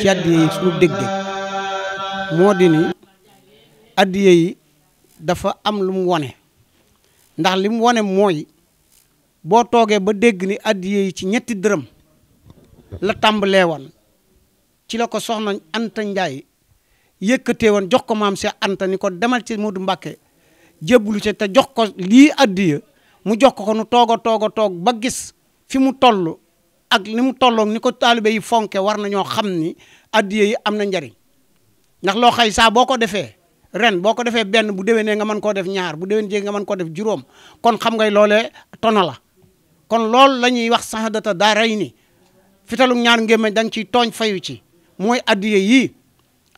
ci addiya yi suñu dégg-dégg moo di ni addiya yi dafa am lu mu wone ndax li mu wone mooy boo toogee ba dégg ni addiya yi ci ñetti dërëm la tàmbalee woon ci la ko soxna Anta Ndiaye yëkkatee woon jox ko maam Cheikh Anta ni ko demal ci Modou Mbacke jébbalu ci te jox ko lii addiya mu jox ko ko nu toog a toog a toog ba gis fi mu toll ak ni mu tollook ni ko taalibe yi fonke war nañoo xam ni addiya yi am na njariñ ndax loo xay saa boo ko defee ren boo ko defee benn bu déwénee nga mën koo def ñaar bu déwén jee nga mën koo def juróom kon xam ngay loole tona la kon loolu la ñuy wax sahadata daaray ni fitalu ñaar ngémmañ da nga ciy tooñ fayu ci mooy addiya yii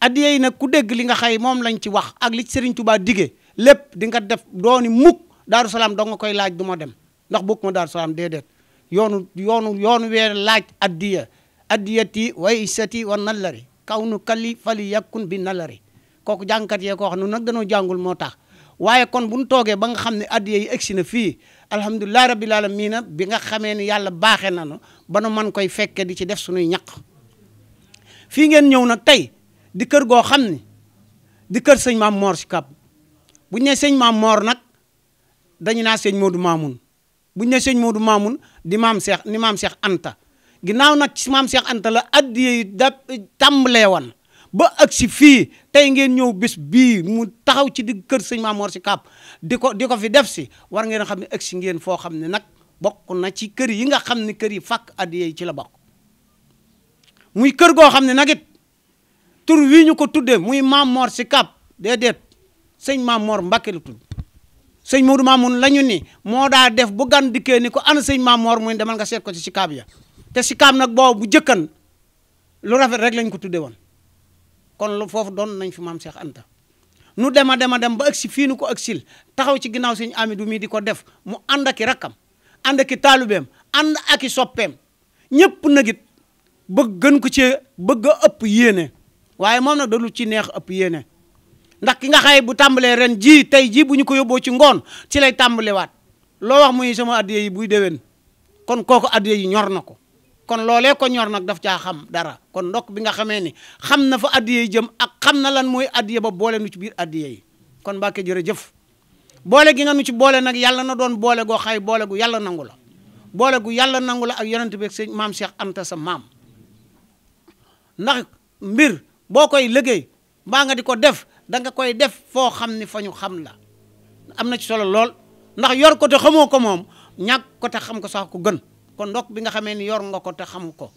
addiya yi nag ku dégg li nga xay moom lañ ci wax ak li ci Serigne Touba digee lépp dinga nga def dooni mukk Daaru Salaam doo nga koy laaj du ma dem ndax bokk ma Daaru Salaam déedéet yoonu yoonu yoonu weer laaj addiya addiyati way isati wa nallari kaw nu kali fali yakkun bi nallari kooku jàngkat yee ko wax noonu nag dañoo jàngul moo tax waaye kon bu ñu toogee ba nga xam ne addiya yi egsi na fii alhamdulilah rabbil alamina bi nga xamee ni yàlla baaxee na nu ba nu koy fekke di ci def suñuy ñaq fii ngeen ñëw nag tey di kër goo xam ni di kër sëñ maam moor si kab bu ne sëñ maam moor nag dañ naa sëñ Modou Mamoun buñ ne sëñ Modou Mamoun di maam Cheikh ni maam Cheikh Anta ginnaaw nag ci maam Cheikh Anta la addiye da tàmbalee woon ba ak fii tey ngeen ñëw bés bii mu taxaw ci digg kër sëñ Mamoor si Kaap di ko di ko fi def si war ngeen xam ne ak si ngeen foo xam ne nag bokk na ci kër yi nga xam ne kër yi fàkk addiye ci la bokk muy kër goo xam ne nag it tur wii ñu ko tuddee muy maam Mamoor si Kaap déedéet sëñ Mamoor Mbàkke la tudd sëñ Modou Mamoun la ñu ni moo daa def bu gan dikkee ni ko ana sëñ Mamor muy demal nga seet ko ci sikaab ya te si sikaab nag boobu bu jëkkan lu rafet rek lañ ko tuddee woon kon lu foofu doon nañ fi maam Cheikh Anta nu dem a dem a dem ba agsi fii nu ko agsil taxaw ci ginnaaw sëñ du mii di ko def mu ànd aki rakkam ànd aki taalubeem ànd aki soppeem ñëpp nag it bëgg gën ko ci bëgg a ëpp yéene waaye moom nag dalu ci neex ëpp yéene ndax ki nga xaye bu tàmbalee ren jii tey jii bu ñu ko yóbboo ci ngoon ci lay tàmbalewaat loo wax muy sama addiya yi buy déwén kon kooku addiya yi ñor na ko kon loolee ko ñor nag daf caa xam dara kon ndokk bi nga xamee ni xam na fa addiya yi jëm ak xam na lan mooy addiya ba boole nu ci biir addiya yi kon Mbàkke jërëjëf boole gi nga nu ci boole nag yàlla na doon boole goo xay boole gu yàlla nangu la boole yàlla nangu la ak yonent bi sëñ maam Cheikh Anta sa maam ndax mbir boo koy liggéey mbaa nga di ko def da nga koy def foo xam ni fa ñu xam la am na ci solo lool ndax yor ko te xamoo ko moom ñàkk ko te xam ko sax ko gën kon ndokk bi nga xamee ni yor nga ko te xamu ko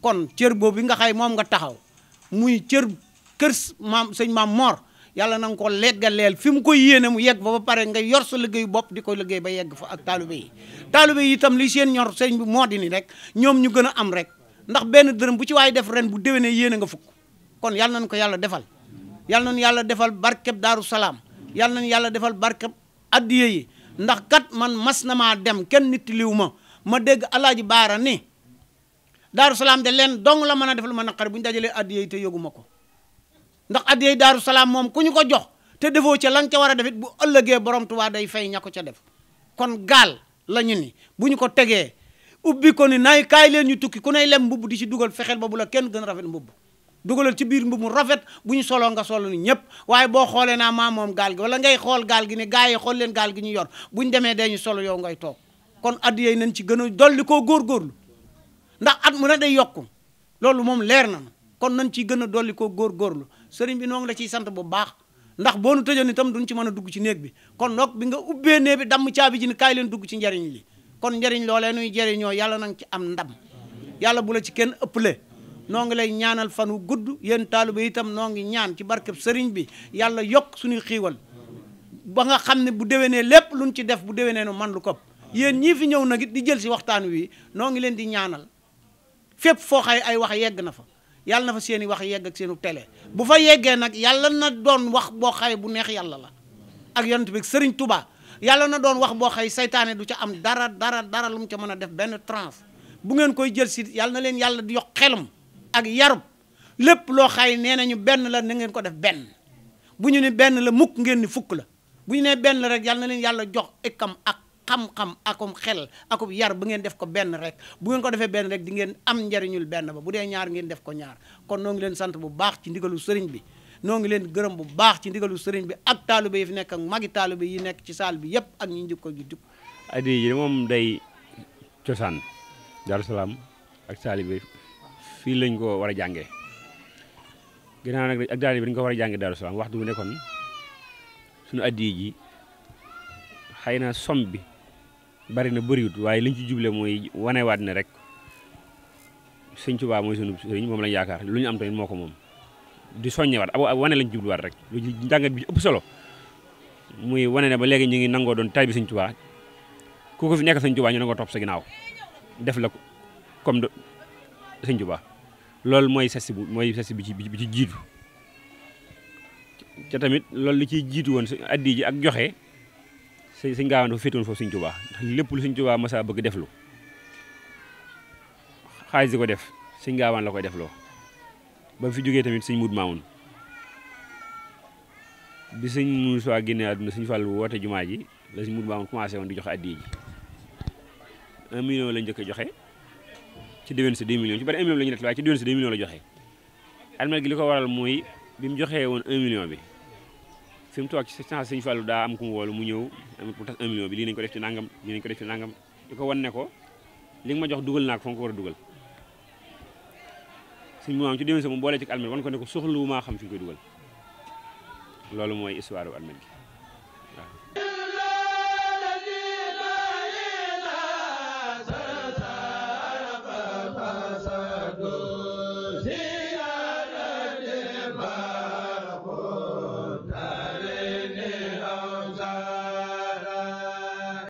kon cër boobu bi nga xay moom nga taxaw muy cër kër maam sëñ maam Mor yàlla na nga ko leggaleel fi mu koy yéene mu yegg ba ba pare nga yor sa liggéeyu bopp di ko liggéey ba yegg fa ak taalibe yi taalibe yi itam li seen ñor sëñ bu moo di ni rek ñoom ñu gën a am rek ndax benn dërëm bu ci waay def ren bu déwénee yéene nga fukk kon yàlla nañ ko yàlla defal yal nañu yàlla defal barkeb daaru salaam yal nañu yàlla defal barkeb addiye yi ndax kat man mas na maa dem kenn nit liw ma ma dégg alaaji baara ni daaru salaam de leen dong la mën a def defal ma naqari bu ñu dajalee addiye te yógu ma ko ndax addiye yi salaam moom ku ñu ko jox te defoo ca lan ca war a defit bu ëllëgee borom Tuubaa day fay ña ko ca def kon gaal lañu ñu ni bu ñu ko tegee ubbi ko ni nay kay leen ñu tukki ku nay lem mbubb di ci dugal fexeel ba la kenn gën rafet mbubb dugg dugalal ci biir mbubb mu rafet bu ñu solo nga solo ni ñëpp waaye boo xoolee naa maa moom gaal gi wala ngay xool gaal gi ne gars yi xool leen gaal gi ñu yor bu ñu demee dañu solo yow ngay toog kon at yooyu nañ ci gën a dolli koo góorgóorlu ndax at mu ne day yokku loolu moom leer na kon nañ ciy gën a dolli koo góorgóorlu sëriñ bi noo la ciy sant bu baax ndax boo nu tëjoon itam duñ ci mën a dugg ci néeg bi kon noog bi nga ubbee néeg bi damm caabi ji ni kaay leen dugg ci njariñ li kon njariñ loolee nuy jariñoo yàlla nañ ci am ndam yàlla bu la ci kenn ëpple noo ngi lay ñaanal fan wu gudd yéen taaliba itam noo ngi ñaan ci barkeb sëriñ bi yàlla yokk suñuy xiiwal ba nga xam ne bu déwénee lépp luñ ci def bu déwénee nu man lu ko yéen ñii fi ñëw nag it di jël si waxtaan wi noo ngi leen di ñaanal fépp foo xay ay wax yegg na fa yàlla na fa seeni wax yegg ak seenu télé bu fa yeggee nag yàlla na doon wax boo xay bu neex yàlla la ak yonent bi sëriñ Touba yàlla na doon wax boo xay saytaane du ca am dara dara dara lu mu ca mën a def benn transe bu ngeen koy jël si yàlla na leen yàlla di yokk xelam ak yarub lépp loo xay nee nañu benn la na ngeen ko def benn bu ñu ne benn la mukk ngeen ni fukk la bu ñu nee benn rek yal na leen yàlla jox ikam ak xam-xam akum xel akum yar bu ngeen def ko benn rek bu ngeen ko defee benn rek di ngeen am njariñul benn ba bu dee ñaar ngeen def ko ñaar kon noo ngi leen sant bu baax ci ndigalu sëriñ bi noo ngi leen gërëm bu baax ci ndigalu sëriñ bi ak taalibe yi fi nekk ak magi taalibe yi nekk ci saal bi yëpp ak ñi njëkk ko juddug. addi moom day fii lañ ko war a jàngee ginnaaw nag ak daane bi dañ ko war a jàngee Daaru Salaam waxtu bu nekkoon suñu addiya ji xëy na som bi bari na bëriwut waaye liñ ci juble mooy wanewaat ne rek sëñ Tuubaa mooy sunu moom lañ yaakaar lu ñu am tamit moo ko moom di soññewaat ab wane lañ jubluwaat rek lu njàngat bi ëpp solo muy wane na ba léegi ñu ngi nangoo doon tay bi sëñ Tuubaa ku ko fi nekk sëñ Tuubaa ñu nangoo topp sa ginnaaw def la comme sëñ Tuubaa loolu mooy sas bu mooy sas bi ci bi ci jiitu ca tamit loolu li ciy jiitu woon addi ji ak joxe sëñ sëñ Gaawaan dafa féetoon foofu sëñ Tuubaa ndax lépp lu sëñ Tuubaa masa bëgg def lu xaalis di ko def sëñ Gaawaan la ko def loo ba fi jógee tamit suñ muut Maamun bi sëñ Muusaa génne àdduna sëñ Fàllu woote jumaa ji la sëñ Muud Maamun commencé woon di jox addi ji un million la njëkk a joxe ci déwén si 2 millions ci bari 1 million la ñu def waaye ci déwén si 2 millions la joxe almel gi li ko waral mooy bi mu joxee woon 1 million bi fi mu toog ci sens Sëñ Fallu daa am ku mu woolu mu ñëw am pour tax bi lii nañ ko def ci nangam lii ko def ci di ko wan ne ko li nga ma jox dugal naa ko fa nga ko war a dugal suñu maam ci déwén sa moom boolee ci almel wan ko ne ko soxluwu maa xam fi nga koy dugal loolu mooy histoire bu almel gi